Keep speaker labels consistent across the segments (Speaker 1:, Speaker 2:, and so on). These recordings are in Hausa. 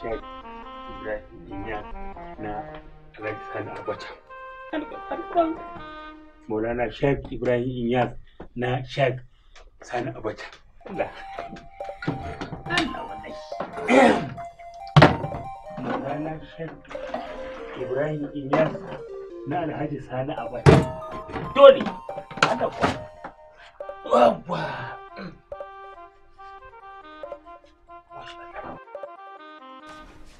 Speaker 1: shek ibrahim na abacha maulana ibrahim inyas na shek sani abacha maulana ibrahim inyas na alhaji sani abacha dole ana kwa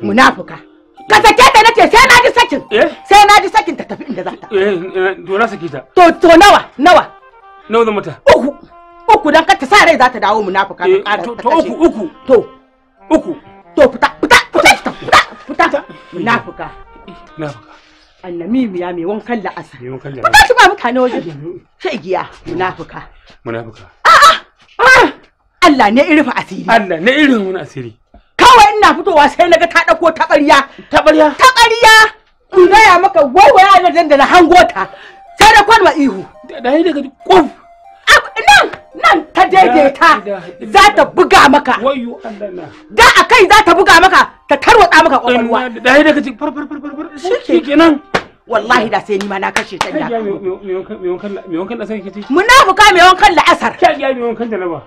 Speaker 1: Mm. munafuka ka sake ta nace sai na ji sakin eh? sai na ji sakin ta tafi inda za ta eh, eh, to na saki ta to to nawa nawa nawa zan mata uku uku dan ka ta sa rai za ta dawo munafuka ta ƙara to uku uku to uku to fita fita fita fita fita munafuka munafuka ya mai wankan la'asa mai wankan la'asa ba shi ba mutane waje giya munafuka munafuka a'a Allah ne irin asiri Allah ne irin wani asiri kawai ina fitowa sai naga ta ga ta ƙarya ta ƙarya ta ƙarya in gaya maka waiwaya na da na hango ta sai da kwanwa ihu da yi daga kuf nan nan ta daidaita za ta buga maka da a kai za ta buga maka ta tarwatsa maka ƙwaƙwalwa da yi daga far far far far far shi kenan wallahi da sai ni ma na kashe ta da me wankan da sai kici munafuka me wankan la asar kai ya me wankan da na